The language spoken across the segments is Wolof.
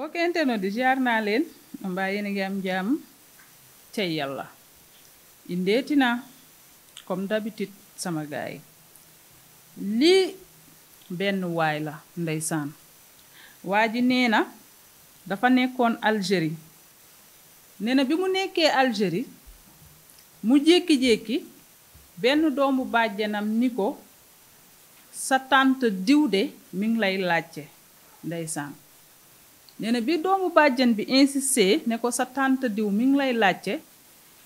mbokk internet di jaar naa leen mbaa yéen a ngi am jàmm tey yàlla indeeti na comme d'habitude sama gaay lii benn waay la ndeysaan waa ji nee na dafa nekkoon Algérie nena bi mu nekkee Algérie mu jékki-jékki benn doomu bàjjanam ni ko sa tante diw de mi ngi lay laajte ndeysaan nee bi doomu bàjjan bi insisté ne ko sa tante diw mi ngi lay laajte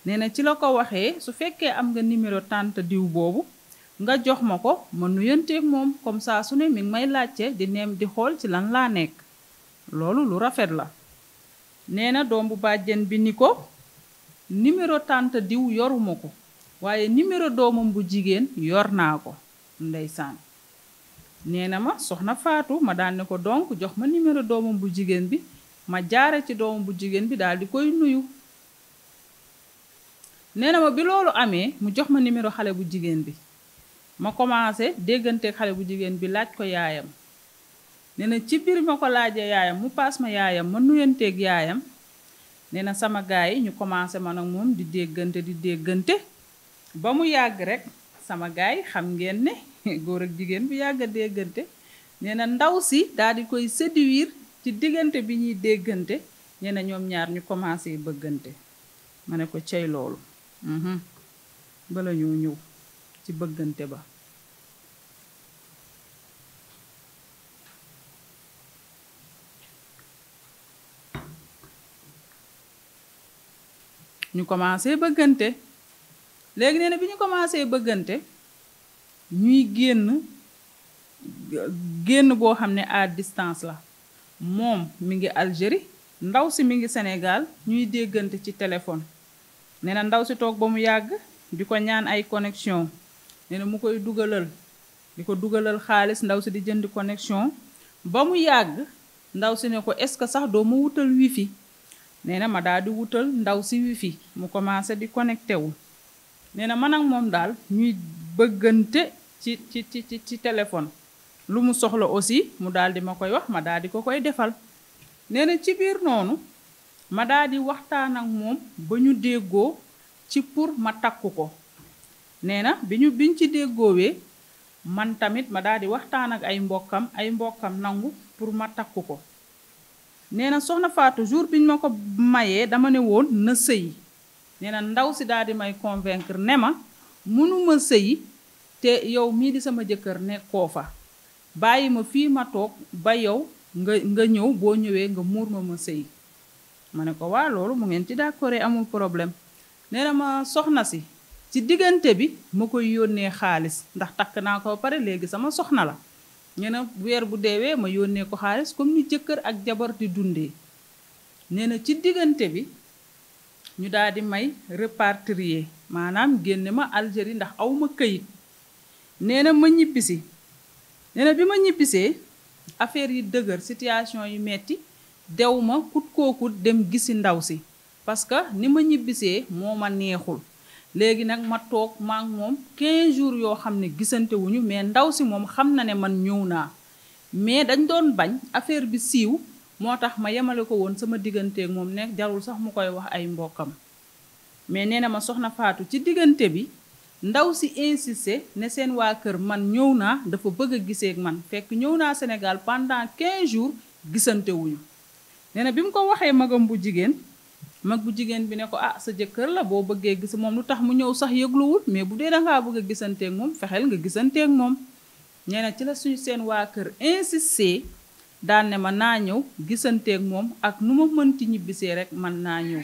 nee na ci la ko waxee su fekkee am nga numéro tante diw boobu nga jox ma ko ma nuyanteeg moom comme saa su ne mi may laajte di neem di xool ci lan laa nekk loolu lu rafet la nee na doomu bàjjan bi ni ko numéro tante diw yoruma ko waaye numéro doomam bu jigéen yor naa ko ndeysaan nee na ma soxna Faatu ma daan ne ko donc jox ma numéro doomam bu jigéen bi ma jaare ci doomam bu jigéen bi daal di koy nuyu nee na ma bi loolu amee mu jox ma numéro xale bu jigéen bi ma commencé déggante xale bu jigéen bi laaj ko yaayam nee na ci biir ma ko laajee yaayam mu paas ma yaayam ma nuyanteeg yaayam nee sama gaay yi ñu commencé man ak moom di déggante di déggante ba mu yàgg rekk sama gaay xam ngeen ne góor ak jigéen bu yàgg a déggante nee na ndaw si daal di koy séduire ci diggante bi ñuy déggante nee na ñoom ñaar ñu commencé bëggante ma ne ko cey loolu mhm. bala ñoo ñëw ci bëggante ba ñu commencé bëggante léegi nee na bi ñu commencé bëggante ñuy génn génn goo xam ne à distance la moom mi ngi Algérie ndaw si mi ngi Sénégal ñuy déggante ci téléphone nee na ndaw si toog ba mu yàgg di ko ñaan ay connexion nee na mu koy dugalal di ko dugalal xaalis ndaw si di jënd connexion ba mu yàgg ndaw si ne ko est-ce que sax doo ma wutal wifi nee na ma daal di wutal ndaw si fi mu commencé di connecté wu nee ak moom daal ñuy bëggante ci ci ci ci téléphone lu mu soxla aussi mu daal di ma koy wax ma daal di ko koy defal nee na ci biir noonu ma daal waxtaan ak moom ba ñu déggoo ci pour ma takk ko nee na bi ñu biñ ci déggoowee man tamit ma daal waxtaan ak ay mbokkam ay mbokkam nangu pour ma takk ko nee na soxna Fatou jour biñ ma ko mayee dama ne woon na sëy nee na ndaw si daal di may convaincre ne ma mënuma sëyi te yow mii di sama jëkkër nekkoo fa bàyyi ma fii ma toog ba yow nga nga ñëw boo ñëwee nga muur ma ma sëyi ma ne ko waa loolu mu ngeen ci d'accord amul problème nee soxna si ci diggante bi ma koy yónnee xaalis ndax takk naa ko pare léegi sama soxna la nee weer bu deewee ma yónnee ko xaalis comme ni jëkkër ak jabar di dundee nee na ci diggante bi ñu daal di may répartir maanaam génne ma Algérie ndax aw ma këyit nee na ma ñibbisi nee bi ma ñibbisee affaire yi dëgër situation yi metti dew ma kut kookut dem gisi ndaw si parce que ni ma ñibbisee moo ma neexul léegi nag ma toog maa moom 15 jours yoo xam ne gisantewuñu mais ndaw si moom xam na ne man ñëw naa mais dañ doon bañ affaire bi siiw moo tax ma yemale ko woon sama digganteeg moom nekk jarul sax mu koy wax ay mbokkam mais nee na ma soxna faatu ci diggante bi ndaw si insisté ne seen waa kër man ñëw naa dafa bëgg a gisee man fekk ñëw naa Sénégal pendant 15 jours gisante wuñu bi mu ko waxee magam bu jigéen mag bu jigéen bi ne ko ah sa jëkkër la boo bëggee gis moom lu tax mu ñëw sax yëgluwul mais bu dee dangaa bëgg a gisanteek moom fexeel nga gisanteeg moom nee ci la suñu seen waa kër insisté daan ne ma naa ñëw gisanteek moom ak nu ma mënti ñibbisee rek man naa ñëw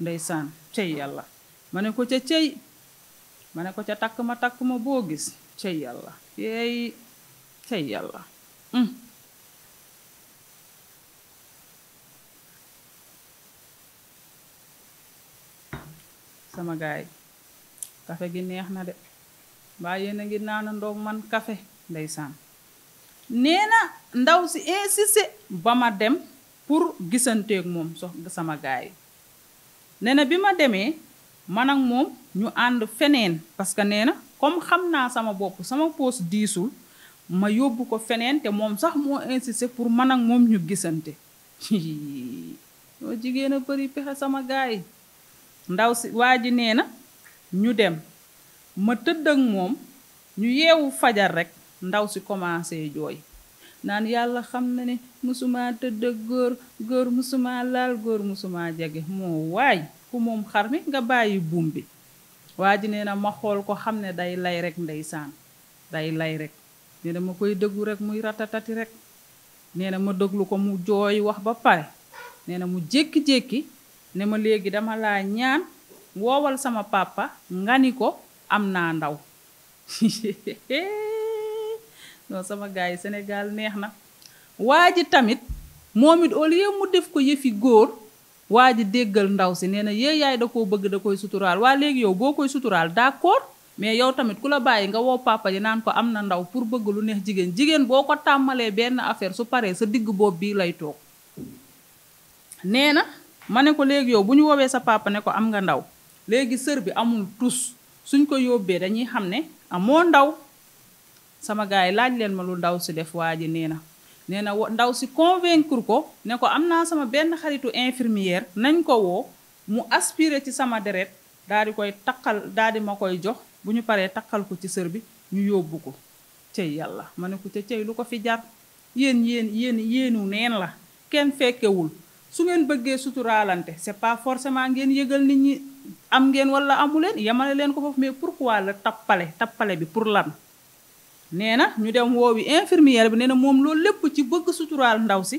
ndeysaan cey yàlla ma ne ko ca cey ma ne ko ca takk ma takk ma boo gis cey yàlla yeey cey yàlla mm. sama gaay kafe gi neex na de mbaa yéen a ngi naanandoo man kafe ndeysaan nee na ndaw si insisté ba ma dem pour gisanteeg moom so sama gaay nee na bi ma demee man ak moom ñu ànd feneen parce que nee na comme xam naa sama bopp sama poos diisul ma yóbbu ko feneen te moom sax moo insisté pour mën ak moom ñu gisante ñoo jigéen a bëri pexe sama gaay ndaw si waa ji nee na ñu dem ma tëdd ak moom ñu yeewu fajar rekk ndaw si commencé jooy naan yàlla xam na ne musuma tëdd ak góor góor musuma laal góor musuma jege moo waay ku moom xar mi nga bàyyi buum bi waa ji nee na ma xool ko xam ne day lay rekk ndeysaan day lay rek nee na koy déglu rek muy ratatati rekk nee na ma déglu ko mu jooy wax ba pare nee na mu jékki-jékki ne ma léegi dama laa ñaan woowal sama pàppa nga ni ko am naa ndaw sama gars yi Sénégal neex na waa ji tamit moom it au lieu mu def ko yëfi góor waa ji déggal ndaw si nee na yee yaay da koo bëgg da koy suturaal waa léegi yow boo koy suturaal d'accord mais yow tamit ku la bàyyi nga woo papa ji naan ko am na ndaw pour bëgg lu neex jigéen jigéen boo ko tàmmalee benn affaire su paree sa digg bopp bii lay toog nee na ma ne ko léegi yow bu ñu woowee sa papa ne ko am nga ndaw léegi sër bi amul tus suñ ko yóbbee dañuy xam ne amoo ndaw sama gars yi laaj leen ma lu ndaw si def waa ji nee na nee na ndaw si convaincre ko ne ko am naa sama benn xaritu infirmière nañ ko woo mu aspiré ci sama deret daal di koy takkal daal di ma koy jox bu ñu paree takkal ko ci sër bi ñu yóbbu ko cey yàlla ma ne ko ca cey lu ko fi jar yéen yéen yéen yéenu neen la kenn fekkewul su ngeen bëggee suturaalante c'est pas forcément ngeen yëgal nit ñi am ngeen wala amuleen yamale leen ko foofu mais pourquoi la tappale tappale bi pour lan nee na ñu dem woow woowi infirmière bi nee na moom loolu lépp ci bëgg suturaal ndaw si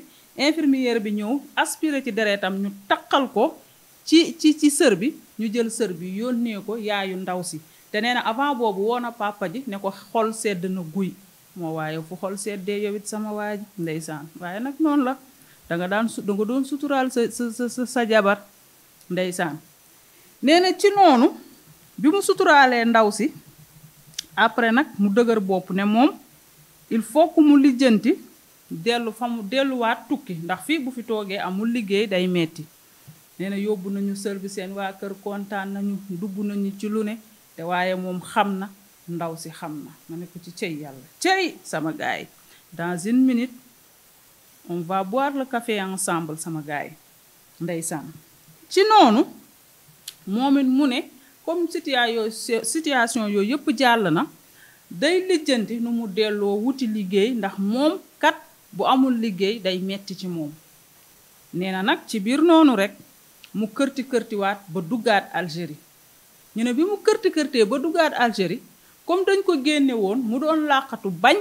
infirmière bi ñëw aspiré ci deretam ñu taqal ko ci ci ci sër bi ñu jël sër bi yónnee ko yaayu ndaw si te nee na avant boobu woo na papa ji ne ko xol sedd na guy moo waaye fu xol seddee yow it sama waa ji ndeysaan waaye nag noonu la da nga daan da doon suturaal sa sa sa sa jabar ndeysaan nee na ci noonu bi mu suturaalee ndaw si après nag mu dëgër bopp ne moom il faut que mu lijjanti dellu fa mu delluwaat tukki ndax fii bu fi toogee amul liggéey day metti nee yóbbu nañu service seen waa kër kontaan nañu dugg nañu ci lu ne te waaye moom xam na ndaw si xam na ma ne ko ci cey yàlla cey sama gars dans une minute on va boire le café ensemble sama gaay yi ndeysaan ci noonu moom it mu ne comme situation yooyu yëpp jàll na day lijjanti nu mu delloo wuti liggéey ndax moom kat bu amul liggéey day metti ci moom nee na nag ci biir noonu rek mu kërti kërtiwaat ba duggaat Algérie ñu ne bi mu kërti kërtee ba duggaat Algérie comme dañ ko génne woon mu doon làqatu bañ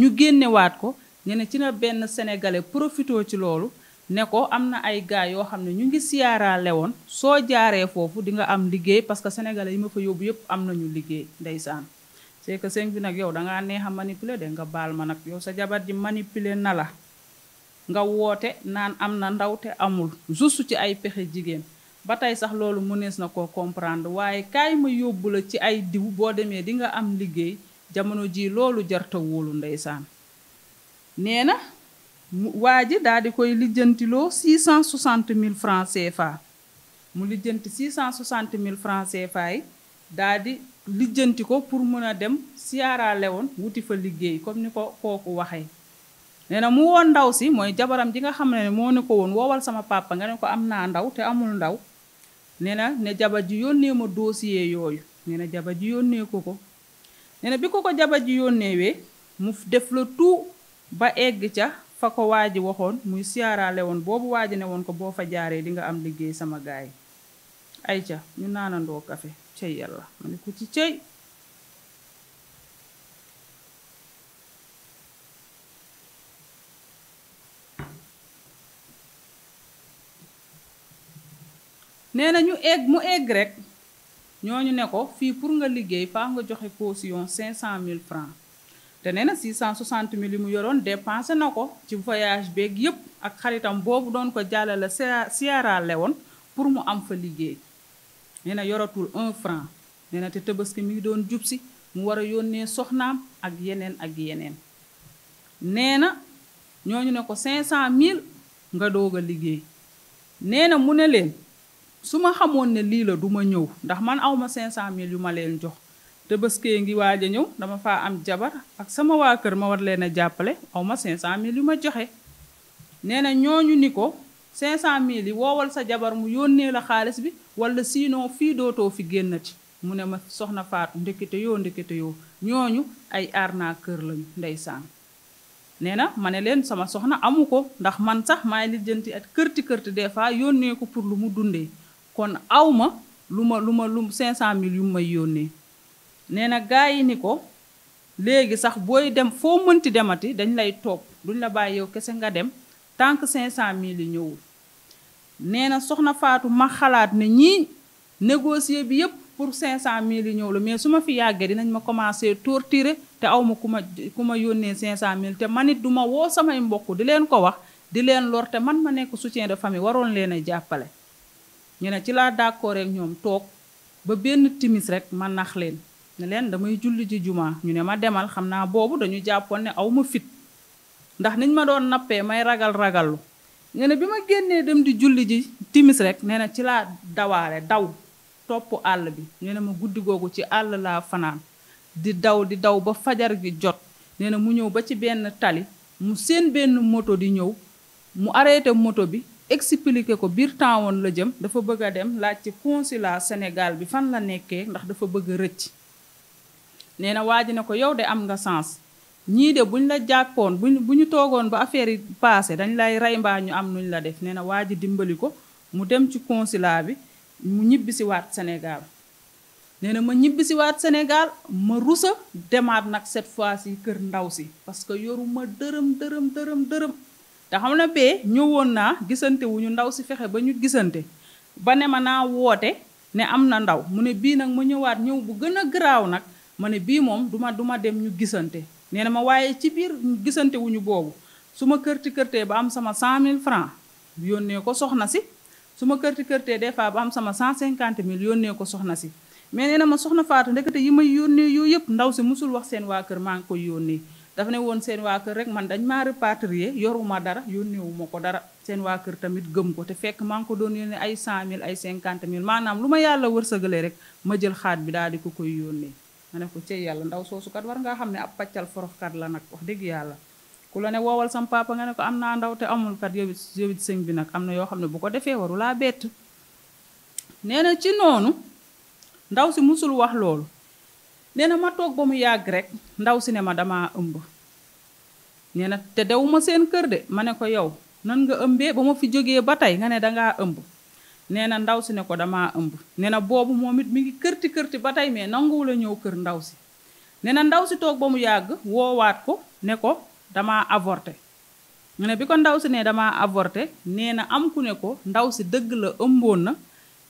ñu génnewaat ko ñu ne ci na benn sénégalais profitoo ci loolu ne ko am na ay gars yoo xam ne ñu ngi Sierra Leone soo jaaree foofu di nga am liggéey parce que sénégalais yi ma fa yóbbu yëpp am nañu liggéey ndeysaan c'est que sëñ bi nag yow dangaa neex a manipuler de nga baal ma nag yow sa jabar ji manipuler na la nga woote naan am na ndaw te amul juste ci ay pexe jigéen ba tey sax loolu mënees na koo comprendre waaye kaay ma yóbbu la ci ay diw boo demee di nga am liggéey jamono ji loolu jarta ndeysaan nee na waa ji daal di koy lijjantiloo six cent soixante mille francs CFA mu lijjanti six cent soixante mille francs CFA yi daal di lijjanti ko pour mën a dem Sierra woon wuti fa liggéey comme ni ko kooku waxee nee na mu woon ndaw si mooy jabaram ji nga xam ne moo ne ko woon woowal sama papa nga ne ko am naa ndaw te amul ndaw nee na ne jabar ji yónnee ma dossier yooyu nee na jabar ji yónnee ko ko nee na bi ko ko jabar ji yónneewee mu def la tout ba egg ca fa ko waa ji waxoon muy siyaaraale woon boobu waa ji ne woon ko boo fa jaaree di nga am liggéey sama gaay ay ca ñu naanandoo kafe cey yàlla ma ne ko ci cey nee na ñu egg mu egg rek ñooñu ne ko fii pour nga liggéey faa nga joxe caution cinq cent mille francs te nee na 660 mille yi mu yoroon dépensé na ko ci voyage beeg yëpp ak xaritam boobu doon ko jàllale Sierra woon pour mu am fa liggéey nee na yoratul un franc nee na te Tabaski mi ngi doon jub si mu war a yónnee soxnaam ak yeneen ak yeneen nee na ñooñu ne ko 500 mille nga doog a liggéey nee na mu ne leen su ma xamoon ne lii la du ñëw ndax man awma 500 mille yu ma leen jox Tabaski ngi waaj a ñëw dama faa am jabar ak sama waa kër ma war leen a jàppale aw ma 500000 yu ma joxe nee na ñooñu ni ko 500000 yi woowal sa jabar mu yónnee la xaalis bi wala sinon fii dootoo fi génnati mu ne ma soxna Faatu ndekete yoo ndekete yoo ñooñu ay arnaqueur lañu ndeysaan. nee na ma ne leen sama soxna amu ko ndax man sax maay lijjanti at kërti kërti des fois yónnee ko pour lu mu dundee kon aw ma lu ma lu ma lu 500000 yu may yónnee. nee na gaa yi ni ko léegi sax booy dem foo mënti demati dañ lay toog duñ la bàyyi yow kese nga dem tant que 500000 yi ñëwul. nee na soxna Faatu ma xalaat ne ñii négocier bi yëpp pour 500000 yi ñëw la mais su ma fi yàggee dinañ ma commencé torturer te aw ma ku ma ku ma yónnee 500000 te man it duma woo samay mbokk di leen ko wax di leen lor te man ma nekk soutien de famille waroon leen a jàppale. ñu ne ci laa d'accord rek ñoom toog ba benn timis rek ma leen. ne leen damay julli ji jumaa ñu ne ma demal xam naa boobu dañu jàppoon ne aw ma fit ndax niñ ma doon nappee may ragal ragallu ne ne bi ma génnee dem di julli ji timis rek nee na ci laa dawaale daw topp àll bi nee na ma guddi googu ci àll laa fanaan di daw di daw ba fajar gi jot nee na mu ñëw ba ci benn tali mu seen benn moto di ñëw mu arrêté moto bi expliqué ko biir temps woon la jëm dafa bëgg a dem laaj ci consulat Sénégal bi fan la nekkee ndax dafa bëgg a rëcc nee na waa ji ne ko yow de am nga sens ñii de buñ la jàppoon buñ bu ñu toogoon ba affaire yi passé dañ lay rey mbaa ñu am nuñ la def nee na waa ji dimbali ko mu dem ci consulat bi mu ñibbisi waat senegaal nee na ma ñibbisi waat senegaal ma rusa demaat nag cette fois si kër ndaw si parce que yoruma dërëm dërëm dërëm te xam na bee ñëwoon naa gisante ñu ndaw si fexe ba ñu gisante ba ne ma naa woote ne am na ndaw mu ne bii nag ma ñëwaat ñëw bu gën a garaaw nag ma ne bii moom duma duma dem ñu gisante nee na ma waaye ci biir gisante wuñu boobu su ma kërti kërtee ba am sama cent 100000 francs yónnee ko soxna si su ma kërti kërtee des fois ba am sama 150000 yónnee ko soxna si mais nee na ma soxna Faatu ndekete yi may yónnee yooyu yëpp ndaw si musul wax seen waa kër maa ngi koy yónnee dafa ne woon seen waa kër rek man dañ maa rapatrier yoruma dara yónneewuma ko dara seen waa kër tamit gëm ko te fekk maa ngi ko doon yónnee ay cent mille ay mille maanaam lu ma yàlla wërsëgale rek ma jël xaat bi daal di ko yónnee ma ne ko cey yàlla ndaw soosu kat war ngaa xam ne ab paccal foroxkat la nag wax dëgg yàlla ku la ne woowal sam papa nga ne ko am naa ndaw te amul kat yowit yowit sëñ bi nag am na yoo xam ne bu ko defee waru laa bett nee na ci noonu ndaw si musul wax loolu ne na ma toog ba mu yàgg rek ndaw si ne ma dama ëmb nee na te dewuma seen kër de ma ne ko yow nan nga ëmbee ba ma fi jógee ba tey nga ne dangaa ëmb nee na ndaw si ne ko damaa ëmb nee na boobu moom it mi ngi kërti kërti ba tey mais nanguwula ñëw kër ndaw si ne na ndaw si toog ba mu yàgg woowaat ko ne ko dama avorté mu ne bi ko ndaw si ne damaa avorté nee na am ku ne ko ndaw si dëgg la ëmboon na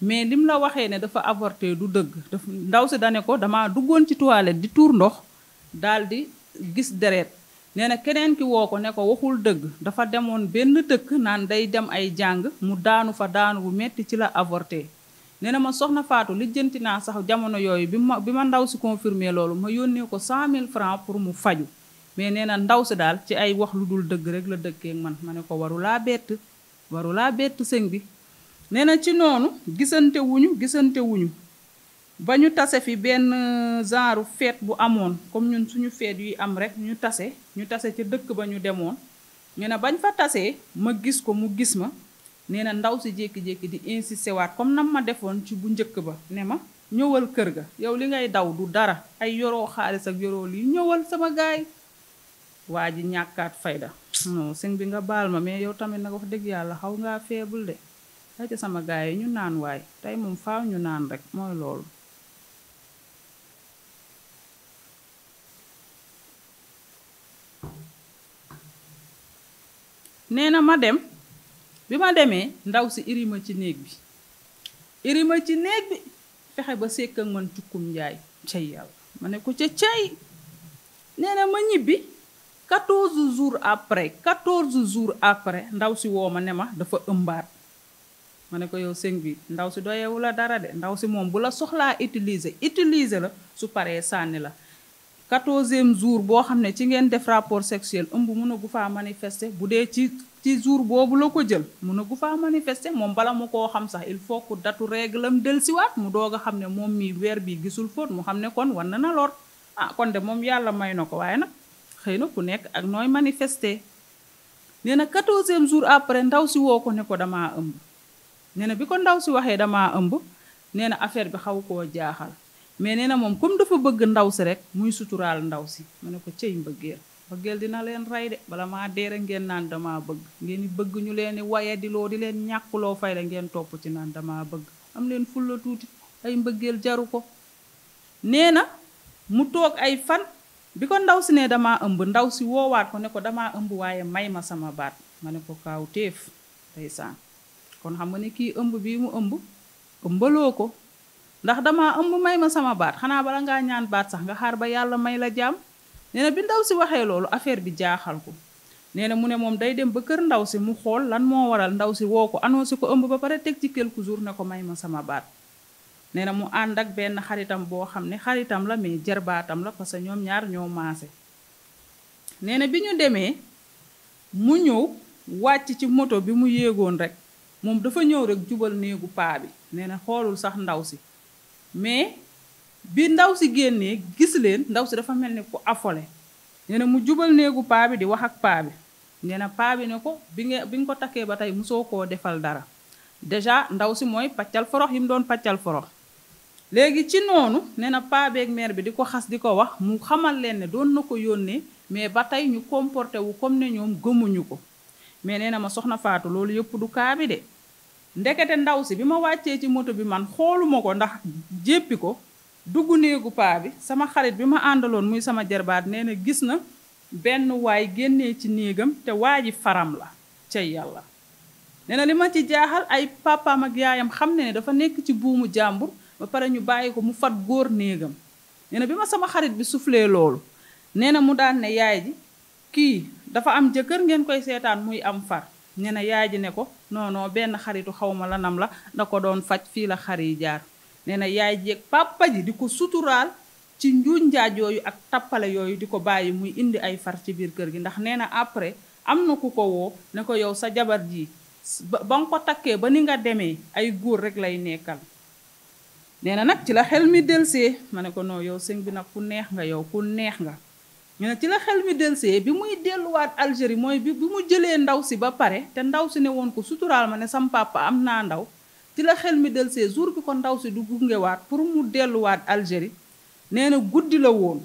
mais lim la waxee ne dafa avorté du dëgg ndaw si da ne ko damaa duggoon ci toilette di tuur ndox daal di gis deret nee na keneen ki woo ko ne ko waxul dëgg dafa demoon benn dëkk naan day dem ay jàng mu daanu fa daanu bu metti ci la avorté nee na ma soxna Faatu lijjanti naa sax jamono yooyu bi ma bi ma ndaw si confirmé loolu ma yónnee ko cent mille francs pour mu faju mais nee na ndaw si daal ci ay wax lu dul dëgg rek la dëkkee man ma ne ko warulaa bett warulaa bett sëñ bi nee na ci noonu gisantewuñu gisantewuñu ba ñu tase fi benn euh, genre feet bu amoon comme ñun suñu feet yi am rek ñu tase ñu tase ca dëkk ba ñu demoon ñu ne bañ fa tasee ma gis ko mu gis ma nee na ndaw si jékki-jékki di insisté waat comme nam ma defoon ci bu njëkk ba ne ma ñëwal kër ga yow li ngay daw du dara ay yoroo xaalis ak yoroo lii ñëwal sama gaay waa ji ñàkkaat fayda non sëñ bi nga baal ma mais yow tamit nag fa dégg yàlla xaw ngaa faible de ay ca sama gaay yi ñu naan waay tey moom fa ñu naan rek mooy loolu nee na ma dem bi ma demee ndaw si irima ci néeg bi irima ci néeg bi fexe ba sekk man cukkum njaay cay yàlla ma ne ko ca cay nee na ma ñibbi 14 jours après 14 jours après ndaw si woo ma ne ma dafa ëmbaat ma ne ko yow sëñ bi ndaw si doyewu la dara de ndaw si moom bu la soxlaa utiliser utiliser la su paree sànni la quatorzième jour boo xam ne ci ngeen def rapport sexuel ëmb mënagu faa manifester bu dee ci ci jour boobu la ko jël mu mënagu faa manifester moom bala mu koo xam sax il faut que datu si dellusiwaat mu doog a xam ne moom mii weer bi gisul fóot mu xam ne kon wan na na lor ah kon de moom yàlla may na ko waaye nag xëy na ku nekk ak nooy manifester nee na quatorzième jour après ndaw si woo ko ne ko damaa ëmb nee na bi ko ndaw si waxee damaa ëmb nee na affaire bi xaw koo jaaxal mais nee na moom comme dafa bëgg ndaw si rek muy suturaal ndaw si ma ne ko cëy mbëggeel mbëggeel dina leen rey de bala maa deere ngeen naan dama bëgg ngeen di bëgg ñu leen di waye di loo di leen ñàkkuloo fay la ngeen topp ci naan dama bëgg am leen fulla tuuti ay mbëggeel jaru ko nee na mu toog ay fan bi ko ndaw si ne dama ëmb ndaw si woowaat ko ne ko dama ëmb waaye may ma sama baat ma ne ko kaaw téef ndeysaan kon xam nga ne kii ëmb bii mu ëmb ëmbaloo ko ndax dama ëmb may ma sama baat xanaa bala ngaa ñaan baat sax nga xaar ba yàlla may la jàmm nee bi ndaw si waxee loolu affaire bi jaaxal ko nee na mu ne moom day dem ba kër ndaw si mu xool lan moo waral ndaw si woo ko si ko ëmb ba pare teg ci quelques jours ne ko may ma sama baat nee na mu ànd ak benn xaritam boo xam ne xaritam la mais jarbaatam la parce que ñoom ñaar ñoo maase nee na bi ñu demee mu ñëw wàcc ci moto bi mu yéegoon rek moom dafa ñëw rek jubal néegu paa bi nee na xoolul sax ndaw si mais bi ndaw si génnee gis leen ndaw si dafa mel ni ku affolé nee na mu jubal néegu paa bi di wax ak paabi bi nee na paa bi ne ko bi nga bi nga ko takkee ba tey mosoo koo defal dara déjà ndaw si mooy paccal forox yi mu doon paccal forox léegi ci noonu nee na paa beeg mère bi di ko xas di ko wax mu xamal leen ne doon na ko yónnee mais ba tey ñu comporté wu comme ne ñoom gëmuñu ko mais nee na ma soxna Faatu loolu yëpp du kaa de ndekete ndaw si bi ma wàccee ci moto bi man xooluma ko ndax jéppi ko dugg néegu paa bi sama xarit bi ma àndaloon muy sama jarbaat nee na gis na benn waay génnee ci néegam te waa ji faram la ca yàlla nee na li ma ci jaaxal ay papaam yaayam xam ne ne dafa nekk ci buumu jàmbur ba pare ñu bàyyi ko mu fat góor néegam nee bi ma sama xarit bi suuflee loolu nee na mu daan ne yaay ji kii dafa am jëkkër ngeen koy seetaan muy am far ñu ne yaay ji ne ko non benn xaritu xawma lanam la da ko doon faj fii la xar yi jaar nee na yaay ji ak papa ji di ko suturaal ci njuuñ njaaj yooyu ak tappale yooyu di ko bàyyi muy indi ay far ci biir kër gi ndax nee na après am na ku ko woo ne ko yow sa jabar ji ba nga ko takkee ba ni nga demee ay góor rek lay nekkal nee na nag ci la xel mi delsee ma ne ko noo yow sëng bi nag ku neex nga yow ku neex nga ñu ne ci la xel mi delsee bi muy delluwaat Algérie mooy bi bi mu jëlee ndaw si ba pare te ndaw si ne woon ko suturaal ma ne sam papa am naa ndaw ci la xel mi delsee jour bi ko ndaw si du gungewaat pour mu delluwaat Algérie nee na guddi la woon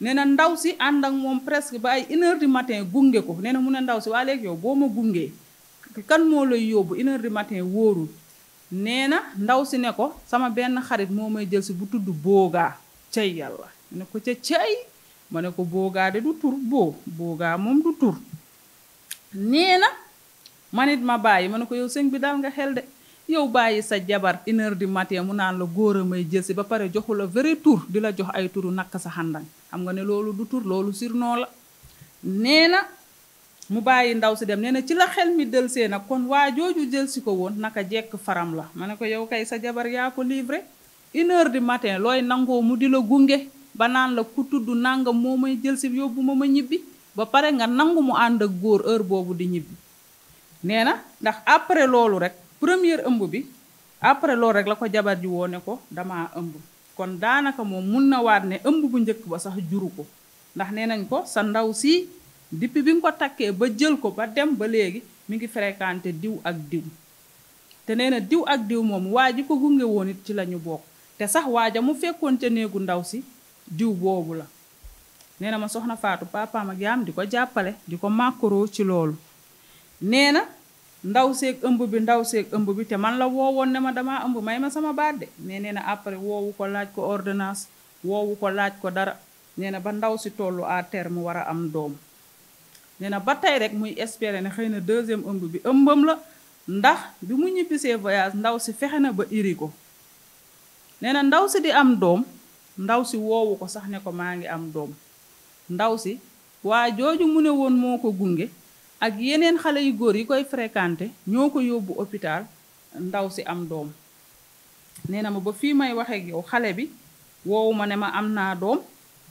nee na ndaw si ànd ak moom presque ba ay une heure matin gunge ko nee na mu ne ndaw si waa léegi yow boo ma gungee kan moo lay yóbbu une heure du matin wóorul nee na ndaw si ne ko sama benn xarit moo may jël si bu tudd boogaa cay ko ca cay ma ne ko boogaa de du tur boo boogaa moom du tur nee na man ma bàyyi ma ne ko yow sëñ bi dal nga xel de yow bàyyi sa jabar une di du matin mu naan la góor a may jëlsi ba pare joxu la vrai tur di la jox ay turu nakk sa xam nga ne loolu tur loolu surnoo la nee na mu bàyyi ndaw si dem nee na ci la xel mi dël see nag kon waa jooju jël si ko woon naka jekk faram la ma ne ko yow kay sa jabar yaa ko livré une di du matin looy nangoo mu di la gunge ba naan la ku tudd nangam moo may jël si yóbbu ma ma ñibbi ba pare nga nangu mu ànd ak góor heure boobu di ñibbi nee na ndax après loolu rek première ëmb bi après loolu rek la ko jabar ji woone ko damaa ëmb kon daanaka moom mun na waat ne ëmb bu njëkk ba sax juru ko ndax nee nañ ko sa ndaw si depuis bi nga ko takkee ba jël ko ba dem ba léegi mi ngi fréquenté diw ak diw te nee na diw ak diw moom waa ji ko gunge woon it ci la ñu bokk te sax waaja mu fekkoon ca néegu ndaw si diw boobu la nee na ma soxna Faatu papaam ak yaam di ko jàppale di ko màkkaroo ci loolu nee na ndaw seeg ëmb bi ndaw seeg ëmb bi te man la woowoon ne ma dama ëmb may ma sama baat de mais nee na après woowu ko laaj ko ordonnance woowu ko laaj ko dara nee na ba ndaw si tollu à mu war a am doom nee na ba tey rek muy espérer ne xëy na deuxième ëmb bi ëmbam la ndax bi mu ñibbisee voyage ndaw si fexe na ba iri ko nee na ndaw si di am doom ndaw si woowu ko sax ne ko maa ngi am doom ndaw si waa jooju mu ne woon moo ko gunge ak yeneen xale yu góor yi koy fréquenté ñoo ko yóbbu hôpital ndaw si am doom nee na ma ba fii may waxeeg yow xale bi woowu ma ne ma am naa doom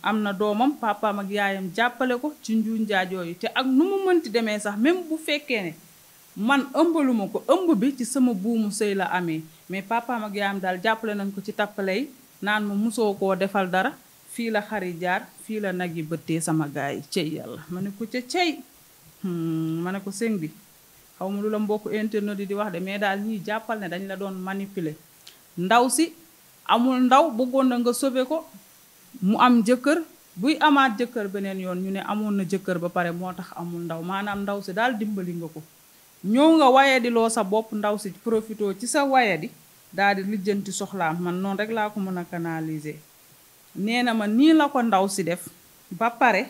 am na doomam papaam yaayam jàppale ko ci njuuñ yi te ak nu mu mënti demee sax même bu fekkee ne man ëmbaluma ko ëmb bi ci sama buumu sëy la amee mais papaam ak yaayam daal jàppale nañ ko ci tappaley naan ma musoo koo defal dara fii la xari jaar fii la nag yi bëttee sama gaay yi cey yàlla ma ne ko ca cey hmm, ma ne ko sëñ bi xaw ma lu la mbokk internet di wax de mais daal ñuy jàppal ne dañ la doon manipuler ndaw si amul ndaw bëggoon na nga sauver ko mu am jëkkër buy amaat jëkkër beneen yoon ñu ne amoon na jëkkër ba pare moo tax amul ndaw maanaam ndaw si daal dimbali nga ko ñëw nga waye di loo sa bopp ndaw si profitoo ci sa waye di daal di lijjanti soxlaa man noonu rek laa ko mën a canaliser nee na ma nii la ko ndaw si def ba pare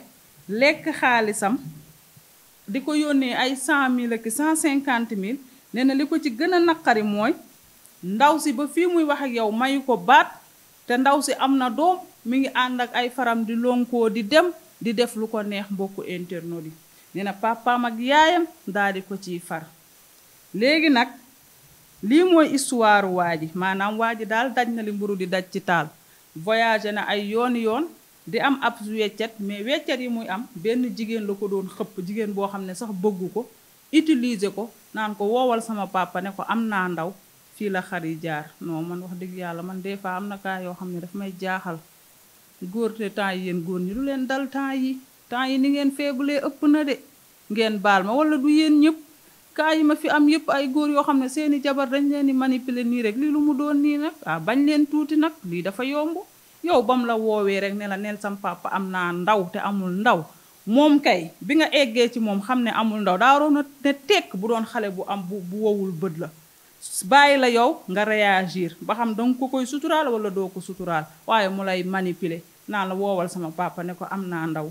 lekk xaalisam di ko yónnee ay cent mille ak cent cinquante mille nee na li ko ci gën a naqari mooy ndaw si ba fii muy wax ak yow mayu ko baat te ndaw si am na doom mi ngi ànd ak ay faram di lonkoo di dem di def lu ko neex mbokku internet yi nee na papaam ak yaayam daal di ko ciy far léegi nag lii mooy histoire waa ji maanaam waa ji daal daj na li mburu di daj ci taal voyagé na ay yoon yoon di am ab weccet mais weccet yi muy am benn jigéen la ko doon xëpp jigéen boo xam ne sax bëggu ko utiliser ko naan ko woowal sama papa ne ko am naa ndaw fii la xar yi jaar noo man wax dëgg yàlla man des fois am na kaa yoo xam ne daf may jaaxal góor te temps yi yéen góor ñi lu leen dal temps yi temps yi ni ngeen feebulee ëpp na de ngeen baal ma wala du yéen ñëpp kaa fi am yëpp ay góor yoo xam ne seeni jabar dañ leen di manipuler nii rek lii lu mu doon nii nag ah bañ leen tuuti nag lii dafa yomb yow ba mu la woowee rek ne la neel sam papa am naa ndaw te amul ndaw moom kay bi nga eggee ci moom xam ne amul ndaw daa waroon a ne tekk bu doon xale bu am bu bu wowul bët la bàyyi la yow nga réagir ba xam danga ko koy suturaal wala doo ko suturaal waaye mu lay manipuler naa la woowal sama papa ne ko am naa ndaw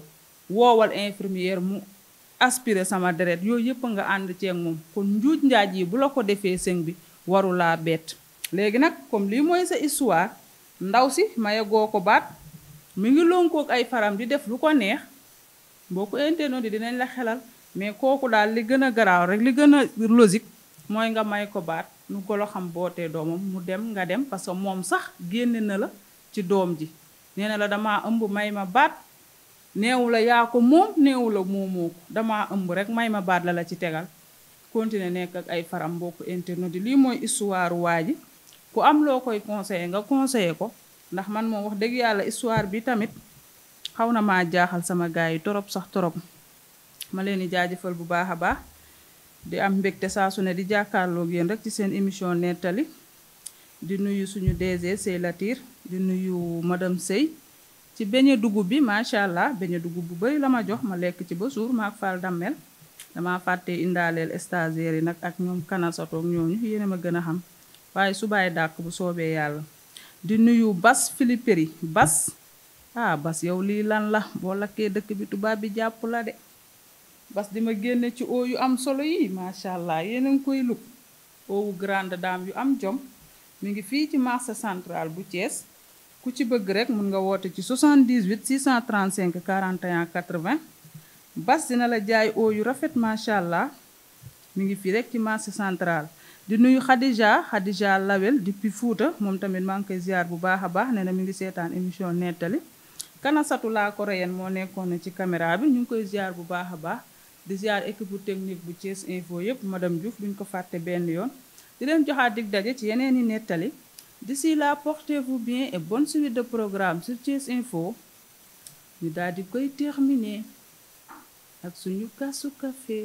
woowal infirmière mu aspiré sama deret yooyu yëpp nga ànd ceeg moom kon njuuj njaaj yi bu la ko defee sëñ bi warulaa bett léegi nag comme lii mooy sa histoire ndaw si mayegoo ko baat mu ngi lonkoog ay faram di def lu ko neex boo ko internet di dinañ la xelal mais kooku daal li gën a garaaw rek li gën a logique mooy nga may ko baat nu golo xam bootee doomam mu dem nga dem parce que moom sax génne na la ci doom ji nee la dama ëmb may ma baat neewu la yaa ko moom neewu la moomoo ko damaa ëmb rek may ma baat la la ci tegal continuer nekk ak ay faram mbokk internet yi lii mooy histoire waa ji ku am loo koy conseiller nga conseiller ko ndax man moo wax dëgg yàlla histoire bi tamit xaw na maa jaaxal sama gars yi torop sax torop ma leen di jaajëfal bu baax a baax di am mbégte saa su ne di jàkkaarloo yéen rek ci seen émission nettali di nuyu suñu DG Sey Latir di nuyu madame Sey ci beñe dugub bi macha allah beñe dugub bu bari la ma jox ma lekk ci ba suur maak faal dammel dama fàtte indaaleel stagiaire yi nag ak ñoom kanal ñoom ñooñu yéen a ma gën a xam waaye subaay dàq bu soobee yàlla di nuyu bas filiperi bas ah bas yow lii lan la boo lakkee dëkk bi tubaab bi jàpp la de bas di ma génne ci oo yu am solo yii macha allah yéen a ngi koy lug oowu grande daam yu am jom mu ngi fii ci marché central bu Thiès ku ci bëgg rek mun nga woote ci 78 635 41 80 bas dina la jaay oo yu rafet macha allah mi ngi fii rek ci marché central di nuyu Khadija Khadija Lawel depuis Fouta moom tamit maa ngi koy ziar bu baax a baax nee na mi ngi seetaan émission nettali kanasatu laa koréen moo nekkoon na ci caméra bi ñu ngi koy ziar bu baax a baax di ziar équipe technique bu Thiès Info yëpp dem Diouf duñ ko fàtte benn yoon di leen joxaat dig daje ci yeneen i nettali D'ici là, portez-vous bien et bonne suite de programme sur Thiès Info. ñu daal di koy terminer ak suñu kaasu café